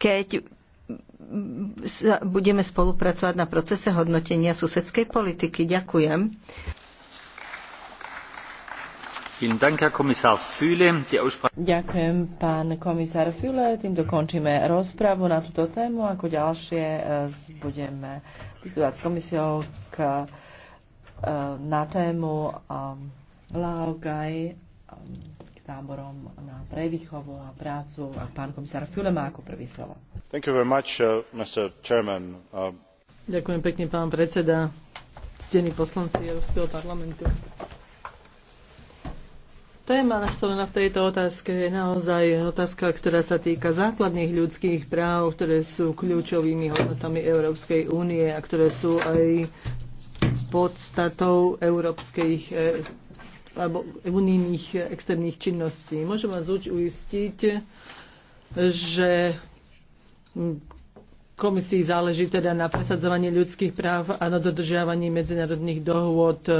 keď budeme spolupracovať na procese hodnotenia susedskej politiky. Ďakujem. Ďakujem, pán komisár Füle. Týmto končíme rozpravu na túto tému. Ako ďalšie eh, budeme diskutovať s komisiou k, eh, na tému eh, Laogai táborom na prevýchovu a prácu. A pán komisár Fule má ako prvý slovo. Thank you very much, uh, Mr. Chairman. Uh... Ďakujem pekne, pán predseda, ctení poslanci Európskeho parlamentu. Téma nastolená v tejto otázke je naozaj otázka, ktorá sa týka základných ľudských práv, ktoré sú kľúčovými hodnotami Európskej únie a ktoré sú aj podstatou európskych eh, alebo unijných eh, externých činností. Môžem vás uistiť, že komisii záleží teda na presadzovaní ľudských práv a na dodržiavaní medzinárodných dohôd eh,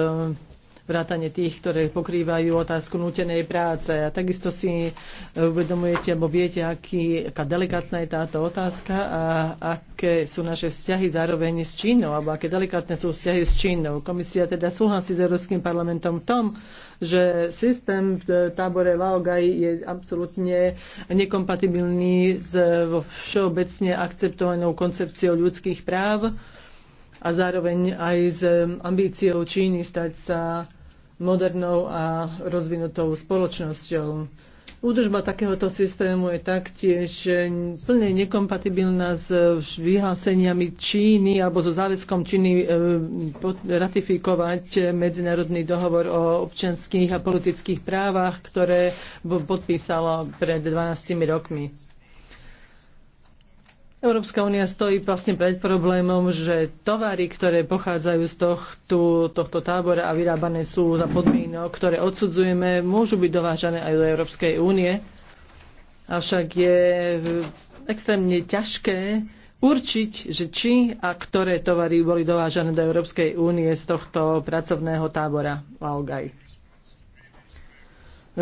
vrátane tých, ktoré pokrývajú otázku nutenej práce. A takisto si e, uvedomujete, alebo viete, aký, aká delikátna je táto otázka a aké sú naše vzťahy zároveň s Čínou, alebo aké delikátne sú vzťahy s Čínou. Komisia teda súhlasí s Európskym parlamentom v tom, že systém v tábore Laogai je absolútne nekompatibilný s všeobecne akceptovanou koncepciou ľudských práv a zároveň aj s ambíciou Číny stať sa modernou a rozvinutou spoločnosťou. Údržba takéhoto systému je taktiež eh, plne nekompatibilná s vyhláseniami Číny alebo so záväzkom Číny eh, ratifikovať medzinárodný dohovor o občianských a politických právach, ktoré podpísala pred 12 rokmi. Európska únia stojí vlastne pred problémom, že tovary, ktoré pochádzajú z tohto, tohto tábora a vyrábané sú za podmienok, ktoré odsudzujeme, môžu byť dovážané aj do Európskej únie. Avšak je extrémne ťažké určiť, že či a ktoré tovary boli dovážané do Európskej únie z tohto pracovného tábora Laogaj.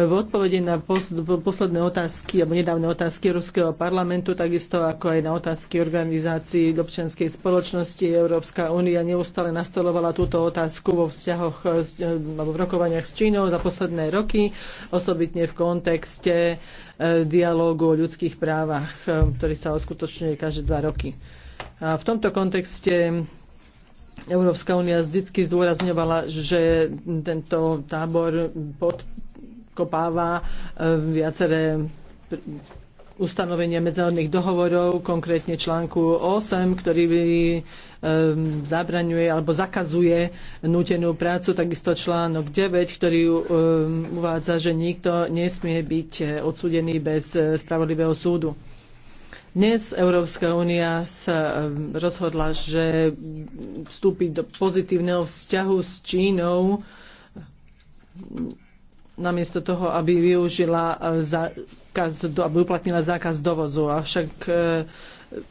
V odpovede na posledné otázky alebo nedávne otázky Európskeho parlamentu, takisto ako aj na otázky organizácií občianskej spoločnosti, Európska únia neustále nastolovala túto otázku vo vzťahoch alebo v rokovaniach s Čínou za posledné roky, osobitne v kontexte e, dialógu o ľudských právach, e, ktorý sa oskutočňuje každé dva roky. A v tomto kontexte Európska únia vždy zdôrazňovala, že tento tábor pod podkopáva e, viaceré ustanovenia medzinárodných dohovorov, konkrétne článku 8, ktorý by e, zabraňuje alebo zakazuje nútenú prácu, takisto článok 9, ktorý e, uvádza, že nikto nesmie byť odsudený bez spravodlivého súdu. Dnes Európska únia sa rozhodla, že vstúpiť do pozitívneho vzťahu s Čínou namiesto toho, aby využila eh, zákaz, aby uplatnila zákaz dovozu. Avšak eh,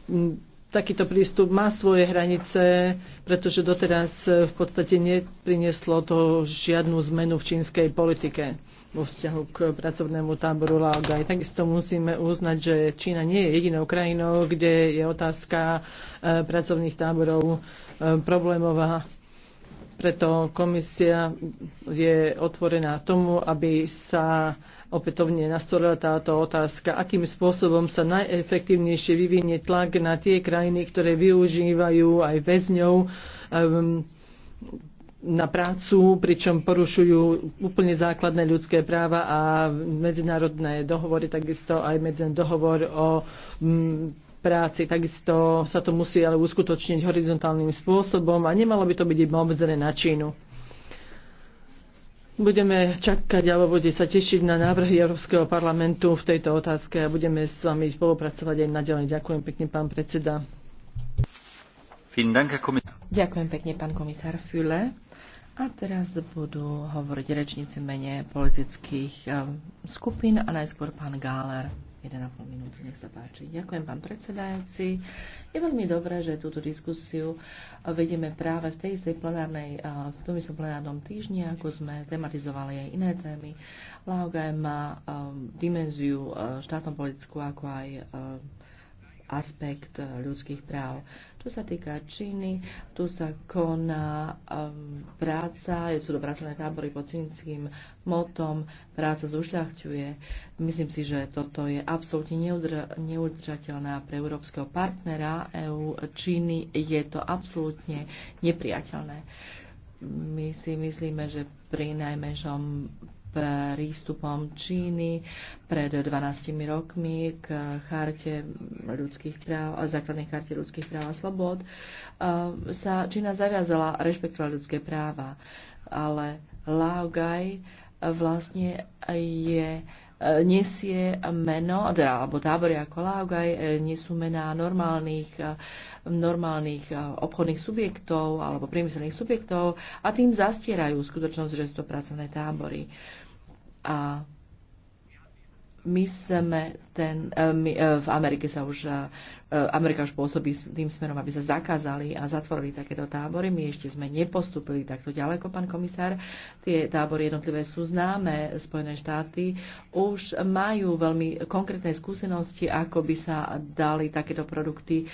takýto prístup má svoje hranice, pretože doteraz eh, v podstate neprinieslo to žiadnu zmenu v čínskej politike vo vzťahu k pracovnému táboru Laogai. Takisto musíme uznať, že Čína nie je jedinou krajinou, kde je otázka pracovných táborov problémová preto komisia je otvorená tomu, aby sa opätovne nastolila táto otázka, akým spôsobom sa najefektívnejšie vyvinie tlak na tie krajiny, ktoré využívajú aj väzňov um, na prácu, pričom porušujú úplne základné ľudské práva a medzinárodné dohovory, takisto aj medzinárodný dohovor o um, práci. Takisto sa to musí ale uskutočniť horizontálnym spôsobom a nemalo by to byť iba obmedzené na Čínu. Budeme čakať alebo bude sa tešiť na návrhy Európskeho parlamentu v tejto otázke a budeme s vami spolupracovať aj naďalej. Ďakujem pekne, pán predseda. Ďakujem pekne, pán komisár Füle. A teraz budú hovoriť rečníci mene politických eh, skupín a najskôr pán Gáler. 1,5 minúty, nech sa páči. Ďakujem, pán predsedajúci. Je veľmi dobré, že túto diskusiu e, vedieme práve v tej istej plenárnej, e, v tom istom plenárnom týždni, ako sme tematizovali aj iné témy. Laogaj má e, dimenziu štátnom politickú, ako aj aspekt eh, ľudských práv. Tu sa týka Číny, tu sa koná um, práca, sú to pracovné tábory pod cínským motom, práca zušľachtuje. Myslím si, že toto je absolútne neudržateľná pre európskeho partnera EU Číny. Je to absolútne nepriateľné. My si myslíme, že pri najmenšom prístupom Číny pred 12 rokmi k charte ľudských práv, základnej charte ľudských práv a slobod, sa Čína zaviazala rešpektovať ľudské práva. Ale Lao Gai vlastne je e, nesie meno, teda, alebo tábory ako Laogaj e, nesú mená normálnych e, normálnych eh, obchodných subjektov alebo priemyselných subjektov a tým zastierajú skutočnosť, že sú to pracovné tábory. A my sme ten, eh, my, eh, v Amerike sa už, Amerika už pôsobí tým smerom, aby sa zakázali a zatvorili takéto tábory. My ešte sme nepostupili takto ďaleko, pán komisár. Tie tábory jednotlivé sú známe. Spojené štáty už majú veľmi konkrétne skúsenosti, ako by sa dali takéto produkty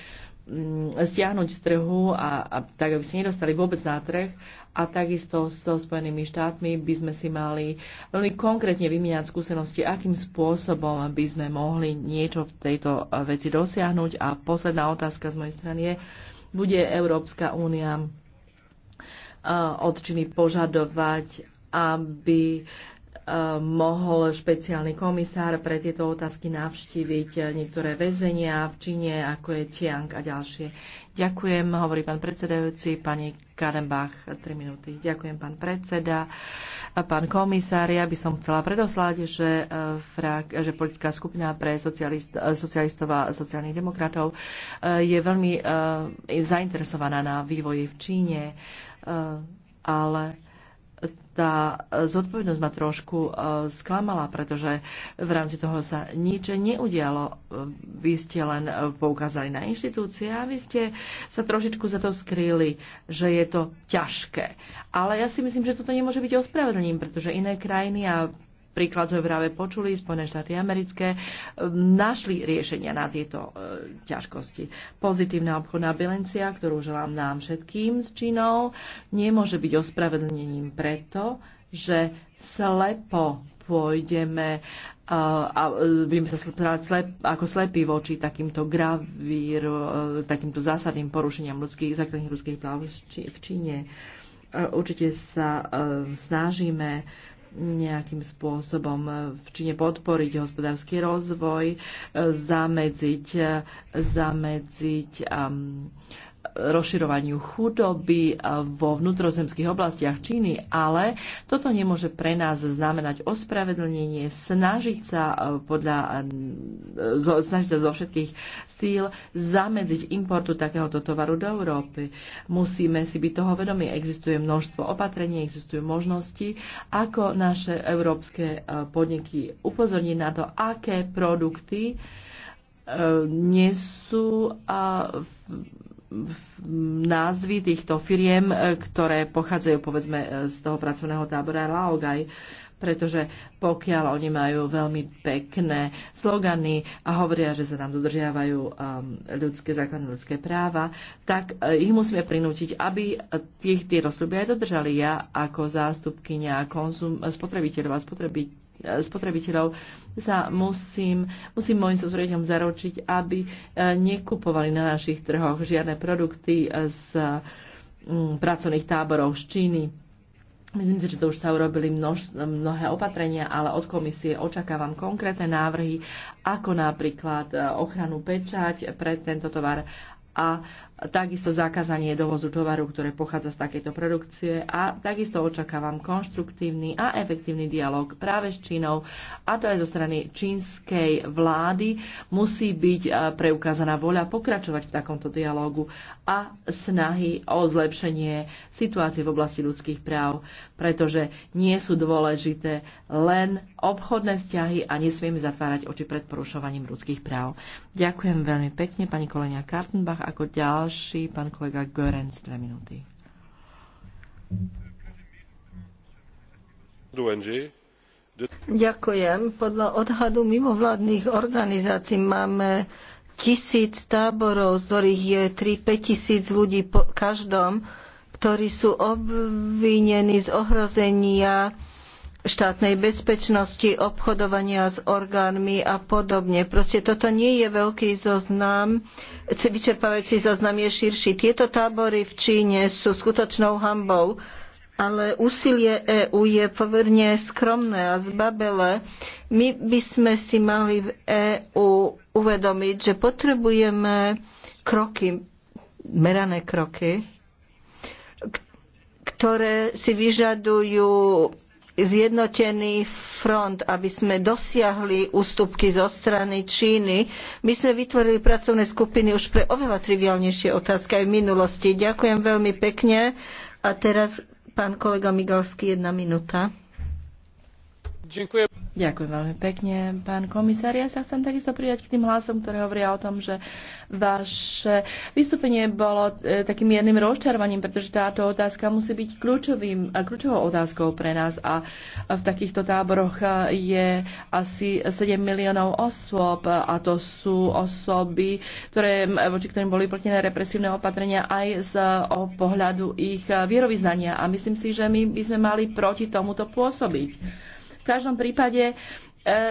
Mm, stiahnuť z trhu a, a tak, aby sa nedostali vôbec na trh. A takisto so Spojenými štátmi by sme si mali veľmi konkrétne vymieňať skúsenosti, akým spôsobom by sme mohli niečo v tejto eh, veci dosiahnuť. A posledná otázka z mojej strany je, bude Európska únia eh, od Číny požadovať, aby uh, mohol špeciálny komisár pre tieto otázky navštíviť niektoré väzenia v Číne, ako je Tiang a ďalšie. Ďakujem, hovorí pán predsedajúci, pani Kadenbach, 3 minúty. Ďakujem, pán predseda. Pán komisár, ja by som chcela predoslať, že, e, frak, že politická skupina pre socialist, e, socialistov a sociálnych demokratov e, je veľmi zainteresovaná na vývoji v Číne, ale tá zodpovednosť ma trošku e, sklamala, pretože v rámci toho sa nič neudialo. Vy ste len poukázali na inštitúcie a vy ste sa trošičku za to skrýli, že je to ťažké. Ale ja si myslím, že toto nemôže byť ospravedlením, pretože iné krajiny a príklad sme práve počuli, Spojené štáty americké um, našli riešenia na tieto uh, ťažkosti. Pozitívna obchodná bilancia, ktorú želám nám všetkým s Čínou, nemôže byť ospravedlnením preto, že slepo pôjdeme uh, a uh, budeme sa správať slep, ako slepí voči takýmto gravír, takýmto zásadným porušeniam ľudských, základných ľudských práv v Číne. Určite sa snažíme nejakým spôsobom e, v Číne podporiť hospodársky rozvoj, e, zamedziť, e, zamedziť um, rozširovaniu chudoby vo vnútrozemských oblastiach Číny, ale toto nemôže pre nás znamenať ospravedlnenie, snažiť sa e, podľa, e, snažiť sa zo všetkých síl zamedziť importu takéhoto tovaru do Európy. Musíme si byť toho vedomi, existuje množstvo opatrení, existujú možnosti, ako naše európske e, podniky upozorniť na to, aké produkty nie sú názvy týchto firiem, e, ktoré pochádzajú povedzme e, z toho pracovného tábora Laogaj pretože pokiaľ oni majú veľmi pekné slogany a hovoria, že sa tam dodržiavajú e, ľudské základné ľudské práva, tak ich musíme prinútiť, aby tých, tie rozsľuby aj dodržali. Ja ako zástupkynia konzum, spotrebiteľov a spotrebiteľov spotrebiteľov, sa musím, musím môjim spotrebiteľom zaručiť, aby e, nekupovali na našich trhoch žiadne produkty z mm, pracovných táborov z Číny. Myslím si, že to už sa urobili množ, mnohé opatrenia, ale od komisie očakávam konkrétne návrhy, ako napríklad e, ochranu pečať pre tento tovar a takisto zakázanie dovozu tovaru, ktoré pochádza z takejto produkcie a takisto očakávam konštruktívny a efektívny dialog práve s Čínou a to aj zo strany čínskej vlády. Musí byť e, preukázaná voľa pokračovať v takomto dialogu a snahy o zlepšenie situácie v oblasti ľudských práv, pretože nie sú dôležité len obchodné vzťahy a nesmieme zatvárať oči pred porušovaním ľudských práv. Ďakujem veľmi pekne pani kolenia Kartenbach ako ďalej ďalší, pán kolega Görenc, dve minúty. Ďakujem. Podľa odhadu mimovládnych organizácií máme tisíc táborov, z ktorých je 3-5 tisíc ľudí po každom, ktorí sú obvinení z ohrozenia štátnej bezpečnosti, obchodovania s orgánmi a podobne. Proste toto nie je veľký zoznam, vyčerpávajúci zoznam je širší. Tieto tábory v Číne sú skutočnou hambou, ale úsilie EÚ je poverne skromné a zbabele. My by sme si mali v EÚ uvedomiť, že potrebujeme kroky, merané kroky, ktoré si vyžadujú zjednotený front, aby sme dosiahli ústupky zo strany Číny. My sme vytvorili pracovné skupiny už pre oveľa triviálnejšie otázky aj v minulosti. Ďakujem veľmi pekne. A teraz pán kolega Migalský, jedna minúta. Ďakujem. Ďakujem veľmi pekne, pán komisár. Ja sa chcem takisto pridať k tým hlasom, ktoré hovoria o tom, že vaše vystúpenie bolo e, takým jedným rozčarovaním, pretože táto otázka musí byť kľúčovým, e, kľúčovou otázkou pre nás a v takýchto táboroch e, je asi 7 miliónov osôb a to sú osoby, ktoré, voči ktorým boli platené represívne opatrenia aj z o pohľadu ich vierovýznania. A myslím si, že my by sme mali proti tomuto pôsobiť v každom prípade e,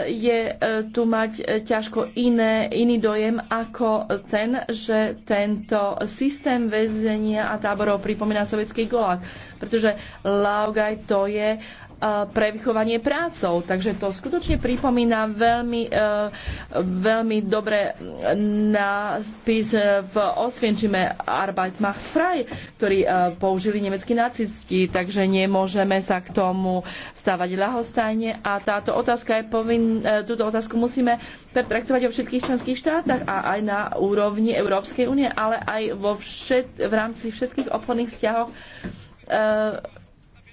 je e, tu mať e, ťažko iné, iný dojem ako ten, že tento systém väzenia a táborov pripomína sovietský golák. Pretože Laogaj to je pre vychovanie prácou. Takže to skutočne pripomína veľmi, e, veľmi dobre nápis v Osvienčime Arbeit macht frei, ktorý e, použili nemeckí nacisti, takže nemôžeme sa k tomu stávať ľahostajne a táto otázka je povin, e, túto otázku musíme pretraktovať vo všetkých členských štátach a aj na úrovni Európskej únie, ale aj vo všet, v rámci všetkých obchodných vzťahov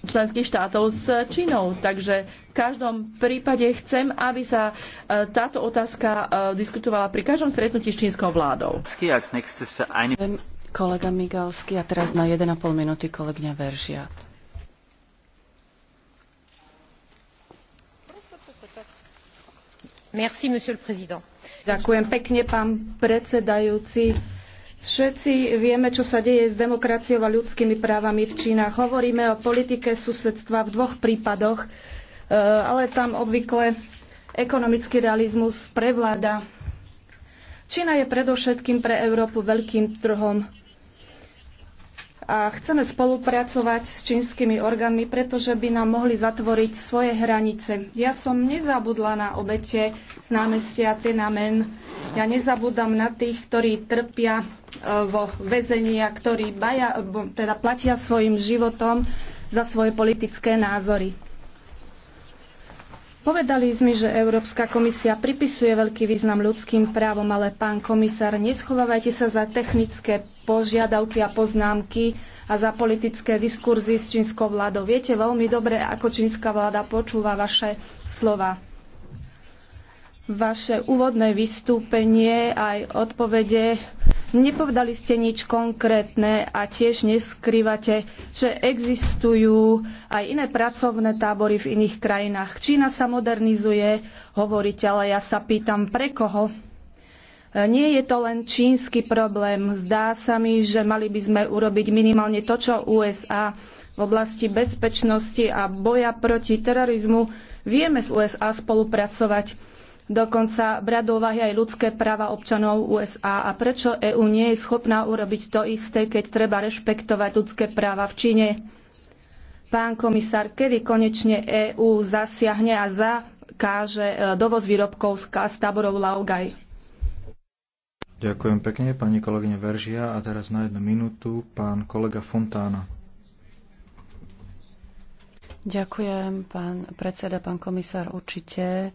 členských štátov s Čínou. Takže v každom prípade chcem, aby sa e, táto otázka e, diskutovala pri každom stretnutí s čínskou vládou. Kolega Migalsky a teraz na 1,5 minúty kolegňa Veržia. Merci, Ďakujem pekne, pán predsedajúci Všetci vieme, čo sa deje s demokraciou a ľudskými právami v Čínach. Hovoríme o politike susedstva v dvoch prípadoch, eh, ale tam obvykle ekonomický realizmus prevláda. Čína je predovšetkým pre Európu veľkým trhom a chceme spolupracovať s čínskymi orgánmi, pretože by nám mohli zatvoriť svoje hranice. Ja som nezabudla na obete z námestia Tenamen. Ja nezabudám na tých, ktorí trpia e, vo väzení a ktorí baja, teda platia svojim životom za svoje politické názory. Povedali sme, že Európska komisia pripisuje veľký význam ľudským právom, ale pán komisár, neschovávajte sa za technické požiadavky a poznámky a za politické diskurzy s čínskou vládou. Viete veľmi dobre, ako čínska vláda počúva vaše slova. Vaše úvodné vystúpenie aj odpovede Nepovedali ste nič konkrétne a tiež neskrývate, že existujú aj iné pracovné tábory v iných krajinách. Čína sa modernizuje, hovoríte, ale ja sa pýtam, pre koho? Nie je to len čínsky problém. Zdá sa mi, že mali by sme urobiť minimálne to, čo USA v oblasti bezpečnosti a boja proti terorizmu vieme z USA spolupracovať dokonca brať do úvahy aj ľudské práva občanov USA a prečo EÚ nie je schopná urobiť to isté, keď treba rešpektovať ľudské práva v Číne. Pán komisár, kedy konečne EÚ zasiahne a zakáže e, dovoz výrobkov z táborov Laogaj? Ďakujem pekne, pani kolegyne Veržia. A teraz na jednu minútu pán kolega Fontána. Ďakujem, pán predseda, pán komisár. Určite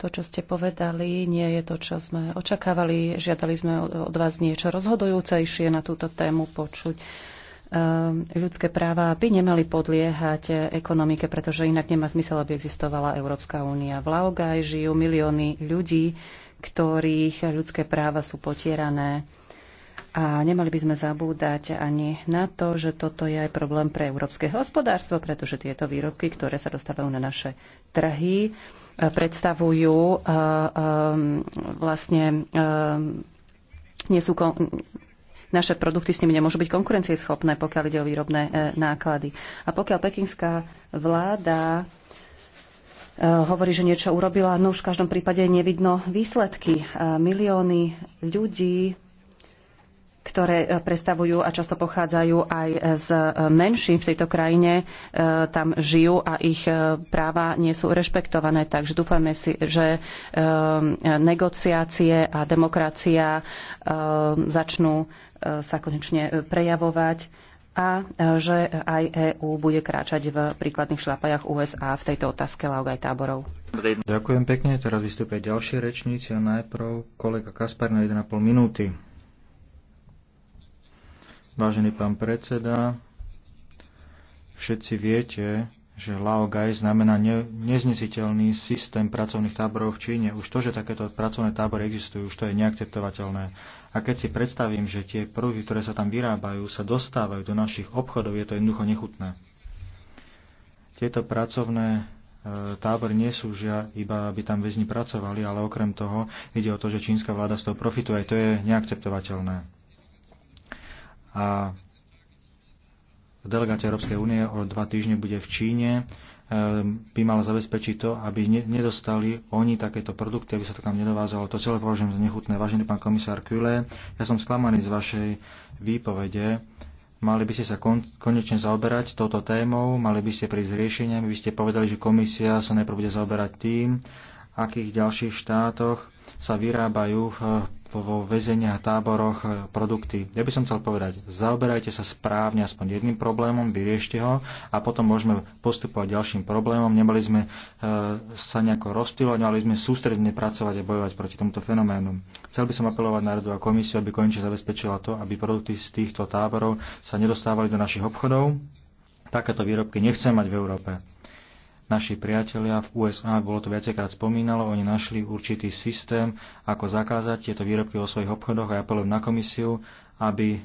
to, čo ste povedali, nie je to, čo sme očakávali. Žiadali sme od vás niečo rozhodujúcejšie na túto tému počuť. Ehm, ľudské práva by nemali podliehať ekonomike, pretože inak nemá zmysel, aby existovala Európska únia. V Laogaj žijú milióny ľudí, ktorých ľudské práva sú potierané a nemali by sme zabúdať ani na to, že toto je aj problém pre európske hospodárstvo, pretože tieto výrobky, ktoré sa dostávajú na naše trhy, e, predstavujú e, e, vlastne nie sú naše produkty s nimi nemôžu byť konkurencieschopné, pokiaľ ide o výrobné náklady. A pokiaľ pekinská vláda hovorí, že niečo urobila, no už v každom prípade nevidno výsledky. Milióny ľudí ktoré e, predstavujú a často pochádzajú aj e, z e, menšín v tejto krajine, tam žijú a ich práva nie sú rešpektované. Takže dúfame si, že negociácie a demokracia začnú sa konečne prejavovať a že aj EÚ bude kráčať v príkladných šlapajach USA v tejto otázke Laugaj táborov. Ďakujem pekne. Teraz vystúpia ďalšie rečníci a najprv kolega Kaspar na 1,5 minúty. Vážený pán predseda, všetci viete, že Lao Gai znamená ne, neznesiteľný systém pracovných táborov v Číne. Už to, že takéto pracovné tábory existujú, už to je neakceptovateľné. A keď si predstavím, že tie prvky, ktoré sa tam vyrábajú, sa dostávajú do našich obchodov, je to jednoducho nechutné. Tieto pracovné e, tábory nie sú žia, iba, aby tam väzni pracovali, ale okrem toho ide o to, že čínska vláda z toho profituje. To je neakceptovateľné a delegácia Európskej únie o dva týždne bude v Číne ehm, by mala zabezpečiť to, aby nedostali oni takéto produkty, aby sa to tam nedovázalo. To celé považujem za nechutné. Vážený pán komisár Kule, ja som sklamaný z vašej výpovede. Mali by ste sa kon- konečne zaoberať touto témou, mali by ste prísť s riešeniami. Vy ste povedali, že komisia sa najprv bude zaoberať tým, akých ďalších štátoch sa vyrábajú eh, vo väzeniach, táboroch e, produkty. Ja by som chcel povedať, zaoberajte sa správne aspoň jedným problémom, vyriešte ho a potom môžeme postupovať ďalším problémom. Nemali sme e, sa nejako rozptýlovať, mali sme sústredne pracovať a bojovať proti tomuto fenoménu. Chcel by som apelovať na Radu a komisiu, aby konečne zabezpečila to, aby produkty z týchto táborov sa nedostávali do našich obchodov. Takéto výrobky nechcem mať v Európe naši priatelia v USA, bolo to viacekrát spomínalo, oni našli určitý systém, ako zakázať tieto výrobky vo svojich obchodoch a ja apelujem na komisiu, aby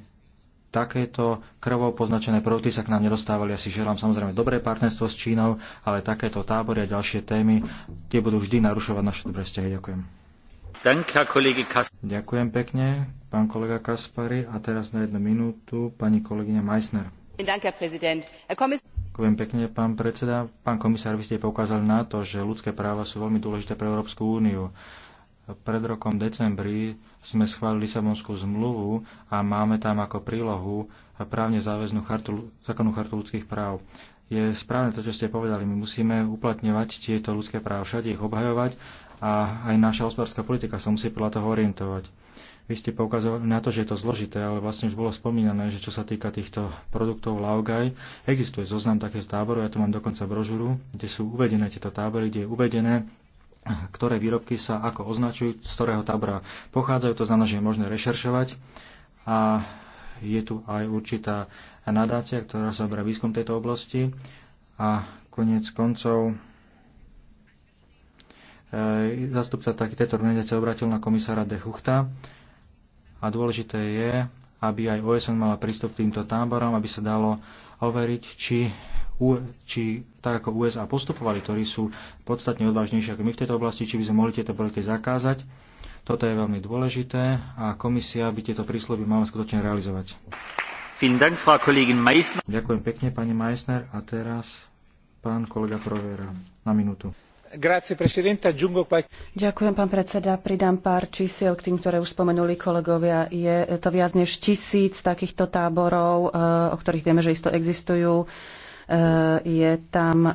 takéto krvou poznačené produkty sa k nám nedostávali. Ja si želám samozrejme dobré partnerstvo s Čínou, ale takéto tábory a ďalšie témy, tie budú vždy narušovať naše dobré vzťahy. Ďakujem. Ďakujem pekne, pán kolega Kaspari. A teraz na jednu minútu pani kolegyňa Meissner. Ďakujem pekne, pán predseda. Pán komisár, vy ste poukázali na to, že ľudské práva sú veľmi dôležité pre Európsku úniu. Pred rokom decembri sme schválili Lisabonskú zmluvu a máme tam ako prílohu právne záväznú chartu, zákonnú chartu ľudských práv. Je správne to, čo ste povedali. My musíme uplatňovať tieto ľudské práva všade, ich obhajovať a aj naša hospodárska politika sa musí podľa toho orientovať vy ste poukazovali na to, že je to zložité, ale vlastne už bolo spomínané, že čo sa týka týchto produktov Laogaj, existuje zoznam takého táboru, ja tu mám dokonca brožuru, kde sú uvedené tieto tábory, kde je uvedené, ktoré výrobky sa ako označujú, z ktorého tábora pochádzajú, to znamená, že je možné rešeršovať. A je tu aj určitá nadácia, ktorá sa obrá výskum tejto oblasti. A konec koncov e, zastupca takýto organizácie obratil na komisára De Chuchta a dôležité je, aby aj OSN mala prístup k týmto táborom, aby sa dalo overiť, či, či tak ako USA postupovali, ktorí sú podstatne odvážnejšie ako my v tejto oblasti, či by sme mohli tieto projekty zakázať. Toto je veľmi dôležité a komisia by tieto prísľuby mala skutočne realizovať. Ďakujem pekne, pani Meissner. A teraz pán kolega Provera na minútu. Ďakujem, pán predseda. Pridám pár čísiel k tým, ktoré už spomenuli kolegovia. Je to viac než tisíc takýchto táborov, eh, o ktorých vieme, že isto existujú. Eh, je tam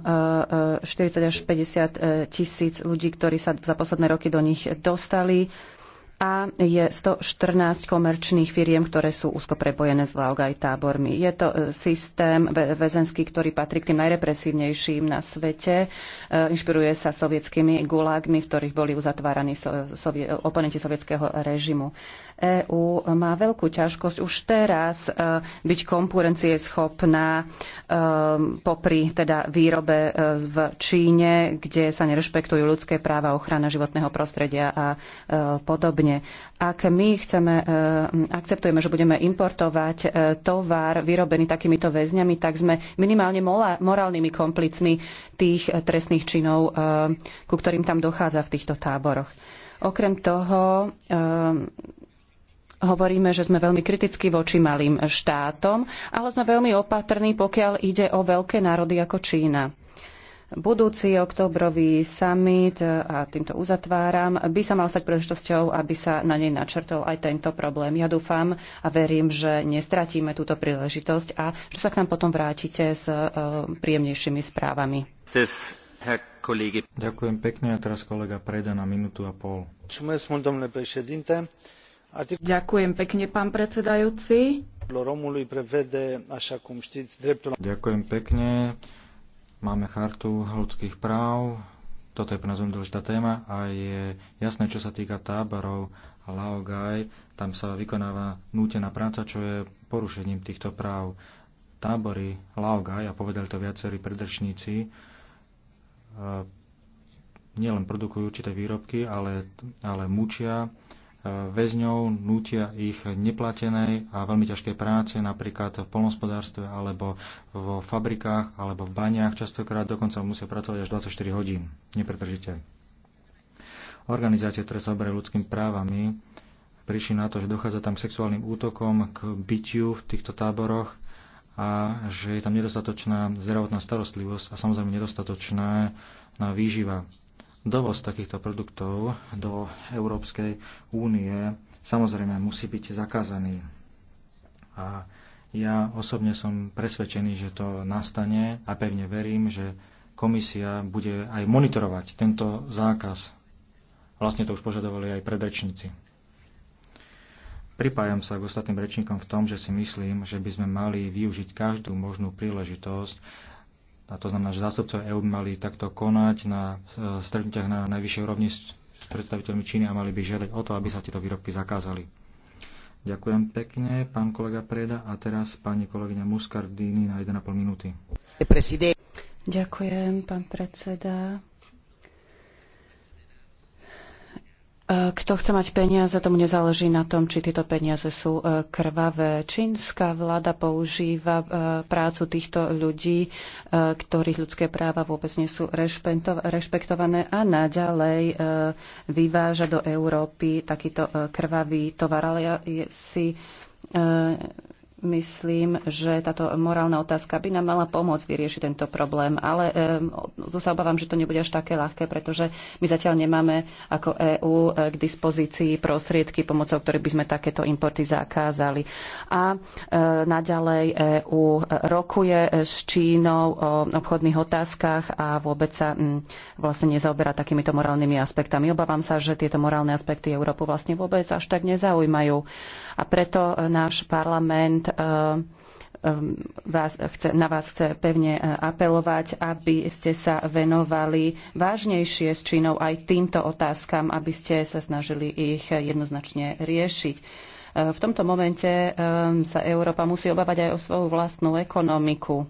40 eh, až 50 tisíc ľudí, ktorí sa za posledné roky do nich dostali a je 114 komerčných firiem, ktoré sú úzko prepojené s Laogaj tábormi. Je to e, systém väzenský, ktorý patrí k tým najrepresívnejším na svete. E, inšpiruje sa sovietskými gulagmi, v ktorých boli uzatváraní sovie- oponenti sovietského režimu. EÚ má veľkú ťažkosť už teraz e, byť konkurencieschopná popri teda výrobe v Číne, kde sa nerešpektujú ľudské práva, ochrana životného prostredia a podobne vlastne, Ak my chceme, e, akceptujeme, že budeme importovať e, tovar vyrobený takýmito väzňami, tak sme minimálne morálnymi komplicmi tých e, trestných činov, ku ktorým tam dochádza v týchto táboroch. Okrem toho hovoríme, že sme veľmi kritickí voči malým štátom, ale sme veľmi opatrní, pokiaľ ide o veľké národy ako Čína. Budúci oktobrový summit, e, a týmto uzatváram, by sa mal stať príležitosťou, aby sa na nej načrtol aj tento problém. Ja dúfam a verím, že nestratíme túto príležitosť a že sa k nám potom vrátite s e, príjemnejšími správami. Ďakujem pekne a teraz kolega Preda na minútu a pol. Ďakujem pekne, pán predsedajúci. Ďakujem pekne. Máme chartu ľudských práv, toto je pre nás veľmi dôležitá téma a je jasné, čo sa týka táborov a Laogaj, tam sa vykonáva nútená práca, čo je porušením týchto práv. Tábory Laogaj, a povedali to viacerí predrčníci, e, nielen produkujú určité výrobky, ale, ale mučia, väzňov, nútia ich neplatenej a veľmi ťažkej práce, napríklad v polnospodárstve alebo v fabrikách alebo v baniach. Častokrát dokonca musia pracovať až 24 hodín, nepretržite. Organizácie, ktoré sa oberajú ľudskými právami, prišli na to, že dochádza tam k sexuálnym útokom, k bytiu v týchto táboroch a že je tam nedostatočná zdravotná starostlivosť a samozrejme nedostatočná na výživa. Dovoz takýchto produktov do Európskej únie samozrejme musí byť zakázaný. A ja osobne som presvedčený, že to nastane a pevne verím, že komisia bude aj monitorovať tento zákaz. Vlastne to už požadovali aj predrečníci. Pripájam sa k ostatným rečníkom v tom, že si myslím, že by sme mali využiť každú možnú príležitosť a to znamená, že zástupcov EÚ by mali takto konať na e, stretnutiach na najvyššej úrovni s predstaviteľmi Číny a mali by žiadať o to, aby sa tieto výrobky zakázali. Ďakujem pekne, pán kolega Preda. A teraz pani kolegyňa Muscardini na 1,5 minúty. Ďakujem, pán predseda. E, kto chce mať peniaze, tomu nezáleží na tom, či tieto peniaze sú e, krvavé. Čínska vláda používa e, prácu týchto ľudí, ktorých ľudské práva vôbec nie sú rešpektované a naďalej vyváža do Európy takýto krvavý tovar. Ale ja si myslím, že táto morálna otázka by nám mala pomôcť vyriešiť tento problém, ale tu ehm, sa obávam, že to nebude až také ľahké, pretože my zatiaľ nemáme ako EÚ e, k dispozícii prostriedky, pomocou ktorých by sme takéto importy zakázali. A e, naďalej EÚ rokuje e, s Čínou o obchodných otázkach a vôbec sa vlastne nezaoberá takýmito morálnymi aspektami. Obávam sa, že tieto morálne aspekty Európu vlastne vôbec až tak nezaujímajú. A preto náš parlament E, e, vás chce, na vás chce pevne e, apelovať, aby ste sa venovali vážnejšie s Čínou aj týmto otázkam, aby ste sa snažili ich jednoznačne riešiť. V tomto momente sa Európa musí obávať aj o svoju vlastnú ekonomiku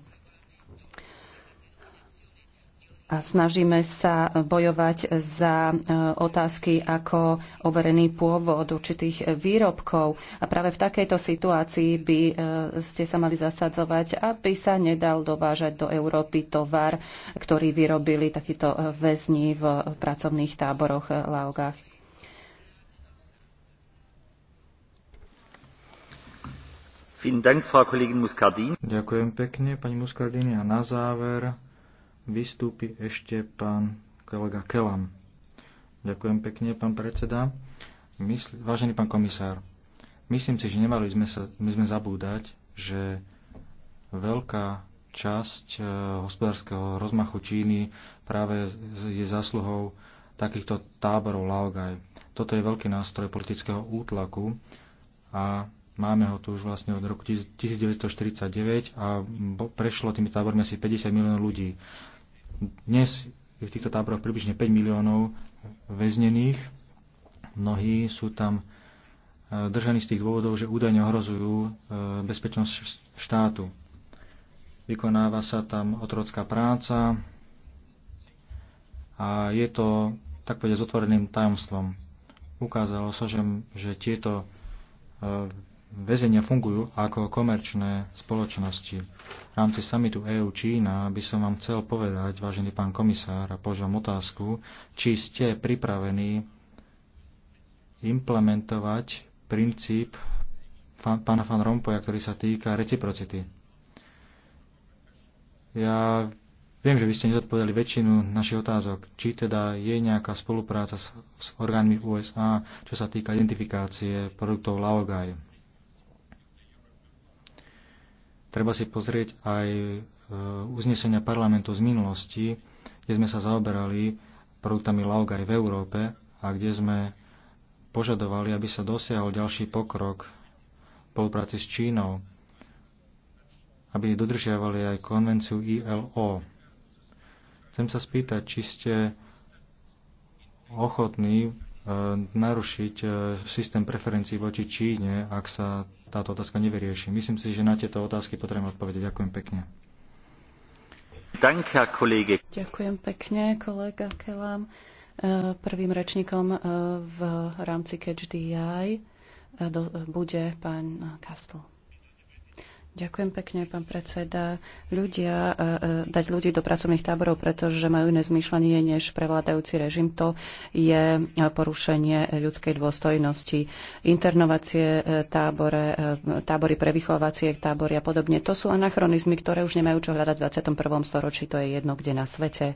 a snažíme sa bojovať za e, otázky ako overený pôvod určitých e, výrobkov. A práve v takejto situácii by e, ste sa mali zasadzovať, aby sa nedal dovážať do Európy tovar, ktorý vyrobili takíto väzni v pracovných táboroch Laogách. Ďakujem pekne, pani Muscardini. A na záver vystúpi ešte pán kolega Kelam. Ďakujem pekne, pán predseda. Mysl- Vážený pán komisár, myslím si, že nemali sme, sa, my sme zabúdať, že veľká časť e, hospodárskeho rozmachu Číny práve je zasluhou takýchto táborov Laogaj. Toto je veľký nástroj politického útlaku a Máme ho tu už vlastne od roku 1949 a prešlo tými tábormi asi 50 miliónov ľudí. Dnes je v týchto táboroch približne 5 miliónov väznených. Mnohí sú tam e, držaní z tých dôvodov, že údajne ohrozujú e, bezpečnosť štátu. Vykonáva sa tam otrocká práca a je to tak povedať s otvoreným tajomstvom. Ukázalo sa, že, že tieto e, väzenia fungujú ako komerčné spoločnosti. V rámci samitu EU Čína by som vám chcel povedať, vážený pán komisár, a požiadam otázku, či ste pripravení implementovať princíp pána Fan Rompoja, ktorý sa týka reciprocity. Ja Viem, že vy ste nezodpovedali väčšinu našich otázok, či teda je nejaká spolupráca s, s orgánmi USA, čo sa týka identifikácie produktov Laogai. Treba si pozrieť aj e, uznesenia parlamentu z minulosti, kde sme sa zaoberali produktami aj v Európe a kde sme požadovali, aby sa dosiahol ďalší pokrok v spolupráci s Čínou, aby dodržiavali aj konvenciu ILO. Chcem sa spýtať, či ste ochotní E, narušiť e, systém preferencií voči Číne, ak sa táto otázka nevyrieši. Myslím si, že na tieto otázky potrebujeme odpovedať. Ďakujem pekne. Ďakujem pekne, kolega Kelam. E, prvým rečníkom v rámci CatchDI bude pán Kastl. Ďakujem pekne, pán predseda. Ľudia, e, e, dať ľudí do pracovných táborov, pretože majú iné zmýšľanie než prevládajúci režim, to je e, porušenie ľudskej dôstojnosti. Internovacie tábore, tábory pre vychovacie tábory a podobne, to sú anachronizmy, ktoré už nemajú čo hľadať v 21. storočí, to je jedno kde na svete.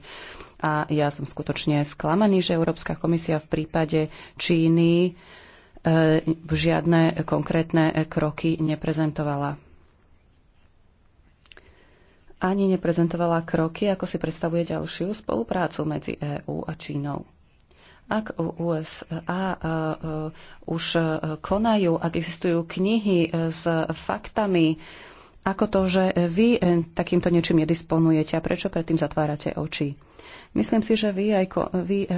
A ja som skutočne sklamaný, že Európska komisia v prípade Číny žiadne konkrétne kroky neprezentovala ani neprezentovala kroky, ako si predstavuje ďalšiu spoluprácu medzi EÚ a Čínou. Ak USA e, e, už e, konajú, ak existujú knihy s faktami, ako to, že vy e, takýmto niečím nedisponujete a prečo predtým zatvárate oči. Myslím si, že vy, aj ko, vy e, e,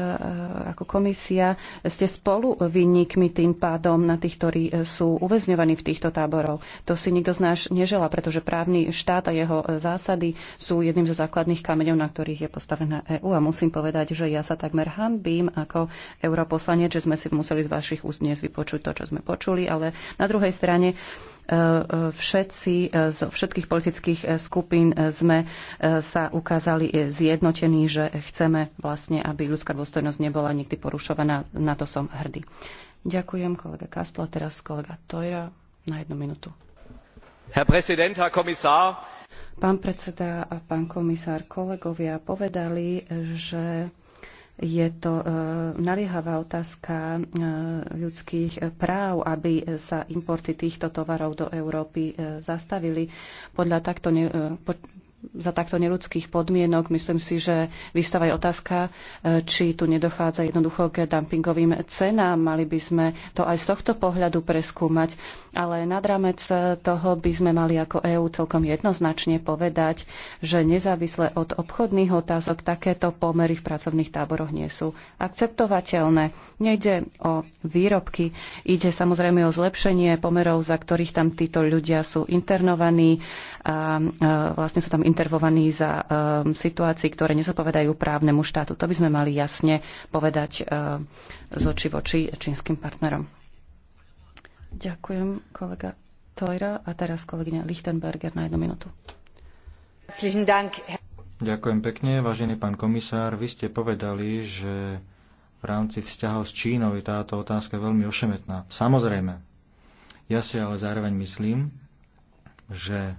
ako komisia ste spolu vynikmi tým pádom na tých, ktorí sú uväzňovaní v týchto táborov. To si nikto z nás nežela, pretože právny štát a jeho zásady sú jedným zo základných kameňov, na ktorých je postavená EÚ. A musím povedať, že ja sa takmer hanbím ako europoslanec, že sme si museli z vašich úst dnes vypočuť to, čo sme počuli, ale na druhej strane Všetci e, zo všetkých politických e, skupín e, sme sa ukázali zjednotení, že chceme vlastne, aby ľudská dôstojnosť nebola nikdy porušovaná. Na to som hrdý. Ďakujem, kolega Kastlo. Teraz kolega Tojra na jednu minútu. Herr Präsident, Herr Kommissar. Pán predseda a pán komisár, kolegovia povedali, že je to e, naliehavá otázka e, ľudských práv, aby sa importy týchto tovarov do Európy e, zastavili. Podľa takto ne, za takto neludských podmienok. Myslím si, že vystáva aj otázka, e, či tu nedochádza jednoducho k dumpingovým cenám. Mali by sme to aj z tohto pohľadu preskúmať, ale nad rámec e, toho by sme mali ako EÚ celkom jednoznačne povedať, že nezávisle od obchodných otázok takéto pomery v pracovných táboroch nie sú akceptovateľné. Nejde o výrobky, ide samozrejme o zlepšenie pomerov, za ktorých tam títo ľudia sú internovaní a e, vlastne sú tam intervovaní za e, situácií, ktoré nezapovedajú právnemu štátu. To by sme mali jasne povedať e, z oči voči čínskym partnerom. Ďakujem, kolega Tojra. A teraz kolegyňa Lichtenberger na jednu minútu. Ďakujem pekne, vážený pán komisár. Vy ste povedali, že v rámci vzťahov s Čínou je táto otázka veľmi ošemetná. Samozrejme. Ja si ale zároveň myslím, že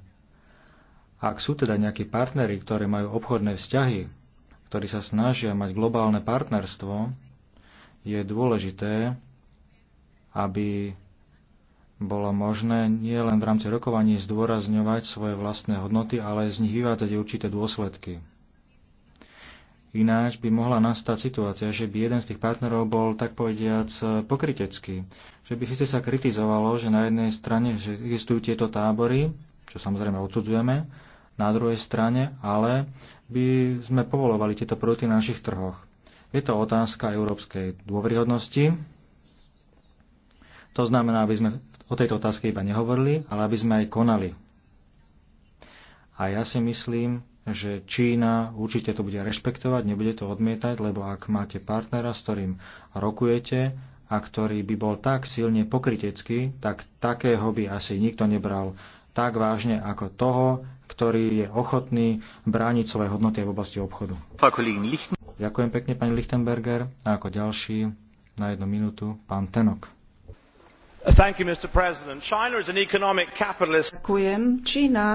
ak sú teda nejakí partnery, ktorí majú obchodné vzťahy, ktorí sa snažia mať globálne partnerstvo, je dôležité, aby bolo možné nielen v rámci rokovaní zdôrazňovať svoje vlastné hodnoty, ale z nich vyvádzať určité dôsledky. Ináč by mohla nastať situácia, že by jeden z tých partnerov bol, tak povediac, pokrytecký. Že by síce sa kritizovalo, že na jednej strane že existujú tieto tábory, čo samozrejme odsudzujeme, na druhej strane, ale by sme povolovali tieto produkty na našich trhoch. Je to otázka európskej dôveryhodnosti. To znamená, aby sme o tejto otázke iba nehovorili, ale aby sme aj konali. A ja si myslím, že Čína určite to bude rešpektovať, nebude to odmietať, lebo ak máte partnera, s ktorým rokujete a ktorý by bol tak silne pokritecký, tak takého by asi nikto nebral tak vážne ako toho, ktorý je ochotný brániť svoje hodnoty v oblasti obchodu. Ďakujem pekne, pani Lichtenberger. A ako ďalší na jednu minútu pán Tenok. Ďakujem. Čína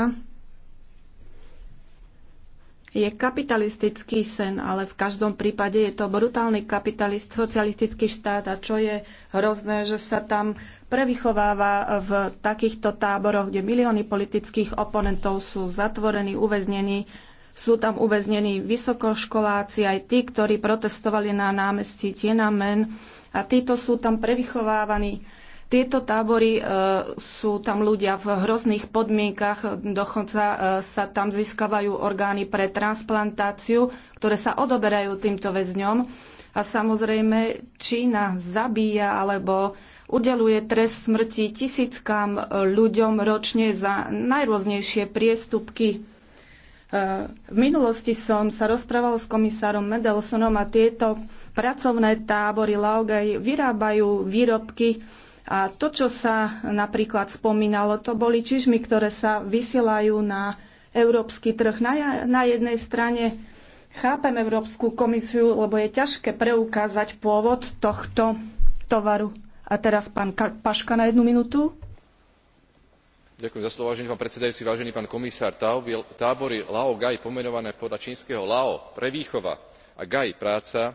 je kapitalistický sen, ale v každom prípade je to brutálny kapitalist, socialistický štát a čo je hrozné, že sa tam prevychováva v takýchto táboroch, kde milióny politických oponentov sú zatvorení, uväznení. Sú tam uväznení vysokoškoláci, aj tí, ktorí protestovali na námestí Tienamen. a títo sú tam prevychovávaní tieto tábory e, sú tam ľudia v hrozných podmienkach, dokonca e, sa tam získavajú orgány pre transplantáciu, ktoré sa odoberajú týmto väzňom. A samozrejme Čína zabíja alebo udeluje trest smrti tisíckam ľuďom ročne za najrôznejšie priestupky. E, v minulosti som sa rozprával s komisárom Medelsonom a tieto pracovné tábory Laogaj vyrábajú výrobky, a to, čo sa napríklad spomínalo, to boli čižmy, ktoré sa vysielajú na európsky trh. Na, na jednej strane chápem Európsku komisiu, lebo je ťažké preukázať pôvod tohto tovaru. A teraz pán Paška na jednu minútu. Ďakujem za slovo, vážený pán predsedajúci, vážený pán komisár. Tábory Lao Gai, pomenované podľa čínskeho Lao, pre výchova a Gai, práca,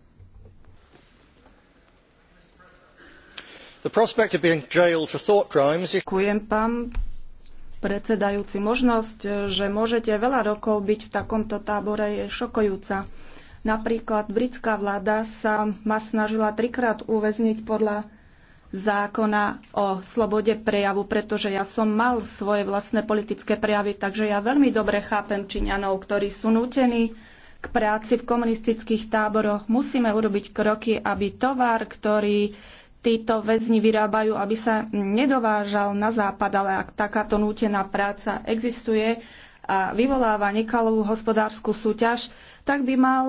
The prospect of being jailed for thought crimes is... Ďakujem, pán predsedajúci. Možnosť, že môžete veľa rokov byť v takomto tábore, je šokujúca. Napríklad britská vláda sa ma snažila trikrát uväzniť podľa zákona o slobode prejavu, pretože ja som mal svoje vlastné politické prejavy, takže ja veľmi dobre chápem Číňanov, ktorí sú nútení k práci v komunistických táboroch. Musíme urobiť kroky, aby tovar, ktorý títo väzni vyrábajú, aby sa nedovážal na západ, ale ak takáto nútená práca existuje a vyvoláva nekalú hospodárskú súťaž, tak by mal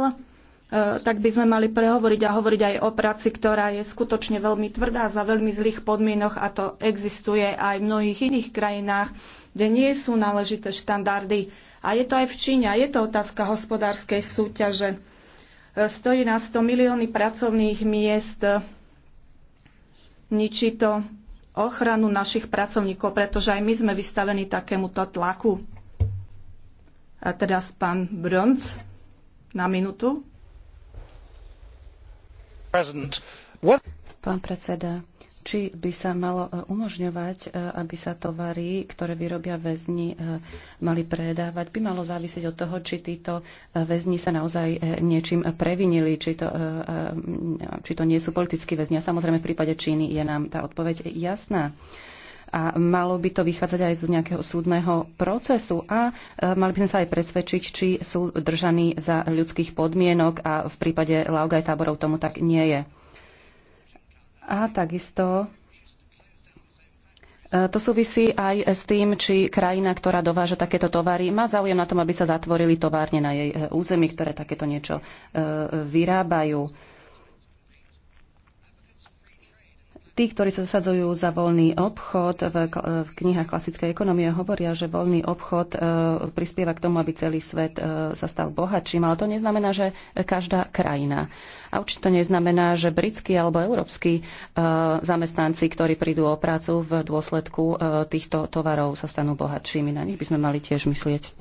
e, tak by sme mali prehovoriť a hovoriť aj o práci, ktorá je skutočne veľmi tvrdá za veľmi zlých podmienok a to existuje aj v mnohých iných krajinách, kde nie sú náležité štandardy. A je to aj v Číne, a je to otázka hospodárskej súťaže. E, stojí nás to milióny pracovných miest, ničí to ochranu našich pracovníkov, pretože aj my sme vystavení takémuto tlaku. A teraz pán Bronc na minútu. Pán predseda, či by sa malo e, umožňovať, e, aby sa tovary, ktoré vyrobia väzni, e, mali predávať. By malo závisieť od toho, či títo väzni sa naozaj niečím previnili, či to, či to nie sú politickí väzni. A samozrejme v prípade Číny je nám tá odpoveď jasná. A malo by to vychádzať aj z nejakého súdneho procesu a mali by sme sa aj presvedčiť, či sú držaní za ľudských podmienok a v prípade Laugaj táborov tomu tak nie je. A takisto e, to súvisí aj s tým, či krajina, ktorá dováža takéto tovary, má záujem na tom, aby sa zatvorili továrne na jej e, území, ktoré takéto niečo e, vyrábajú. Tí, ktorí sa zasadzujú za voľný obchod v, v knihách klasickej ekonomie, hovoria, že voľný obchod e, prispieva k tomu, aby celý svet e, sa stal bohatším, ale to neznamená, že každá krajina. A určite to neznamená, že britskí alebo európsky e, zamestnanci, ktorí prídu o prácu v dôsledku týchto tovarov, sa stanú bohatšími. Na nich by sme mali tiež myslieť.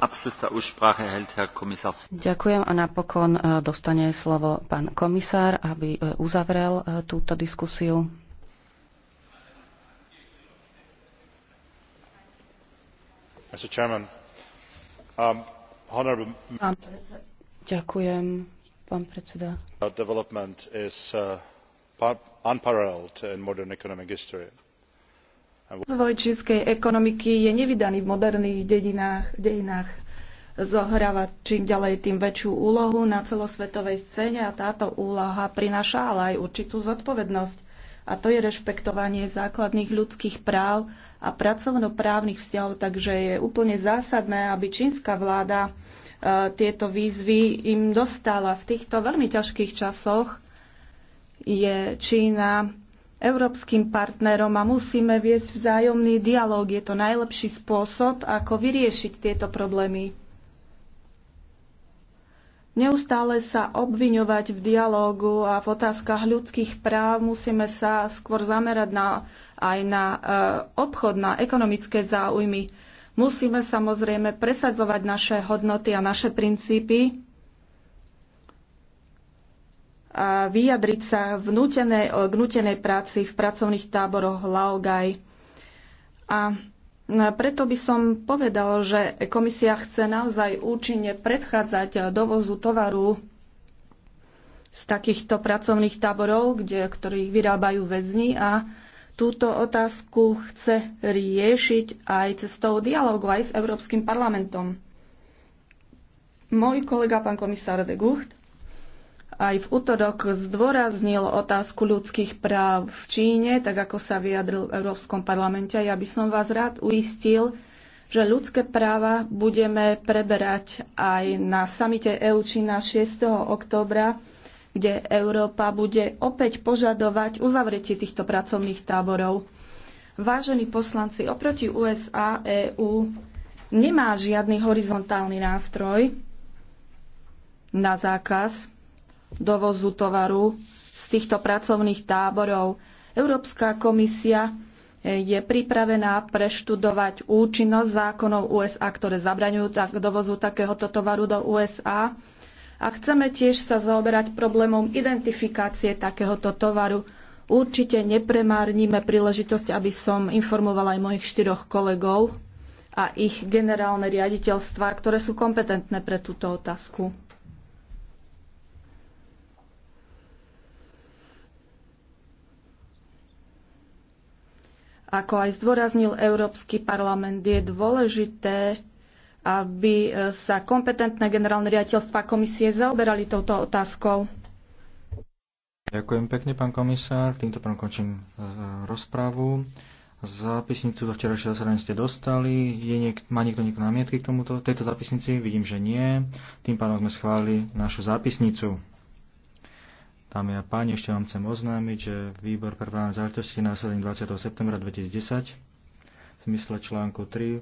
Ďakujem a napokon dostane slovo pán komisár, aby uzavrel túto diskusiu. Um, Ďakujem, pán predseda. Development is uh, unparalleled in modern economic history. Rozvoj čínskej ekonomiky je nevydaný v moderných dejinách. Zohráva čím ďalej tým väčšiu úlohu na celosvetovej scéne a táto úloha prináša ale aj určitú zodpovednosť. A to je rešpektovanie základných ľudských práv a pracovnoprávnych vzťahov, takže je úplne zásadné, aby čínska vláda e, tieto výzvy im dostala. V týchto veľmi ťažkých časoch je Čína európskym partnerom a musíme viesť vzájomný dialog. Je to najlepší spôsob, ako vyriešiť tieto problémy. Neustále sa obviňovať v dialógu a v otázkach ľudských práv musíme sa skôr zamerať na, aj na e, obchod, na ekonomické záujmy. Musíme samozrejme presadzovať naše hodnoty a naše princípy a vyjadriť sa v nutenej, k nutenej práci v pracovných táboroch Laogaj. A preto by som povedal, že komisia chce naozaj účinne predchádzať dovozu tovaru z takýchto pracovných táborov, kde, ktorých vyrábajú väzni a túto otázku chce riešiť aj cestou dialogu aj s Európskym parlamentom. Môj kolega, pán komisár de Gucht, aj v útorok zdôraznil otázku ľudských práv v Číne, tak ako sa vyjadril v Európskom parlamente. Ja by som vás rád uistil, že ľudské práva budeme preberať aj na samite EU Čína 6. októbra, kde Európa bude opäť požadovať uzavretie týchto pracovných táborov. Vážení poslanci, oproti USA EÚ nemá žiadny horizontálny nástroj na zákaz dovozu tovaru z týchto pracovných táborov. Európska komisia eh, je pripravená preštudovať účinnosť zákonov USA, ktoré zabraňujú tak dovozu takéhoto tovaru do USA. A chceme tiež sa zaoberať problémom identifikácie takéhoto tovaru. Určite nepremárnime príležitosť, aby som informovala aj mojich štyroch kolegov a ich generálne riaditeľstva, ktoré sú kompetentné pre túto otázku. Ako aj zdôraznil Európsky parlament, je dôležité, aby e, sa kompetentné generálne riaditeľstva komisie zaoberali touto otázkou. Ďakujem pekne, pán komisár. Týmto pán končím e, rozprávu. Zápisnicu do včerajšieho zasadania ste dostali. Je niek- má niekto niekto námietky k tomuto, tejto zápisnici? Vidím, že nie. Tým pádom sme schválili našu zápisnicu. Dámy a páni, ešte vám chcem oznámiť, že výbor pre právne záležitosti následne 20. septembra 2010 v zmysle článku 3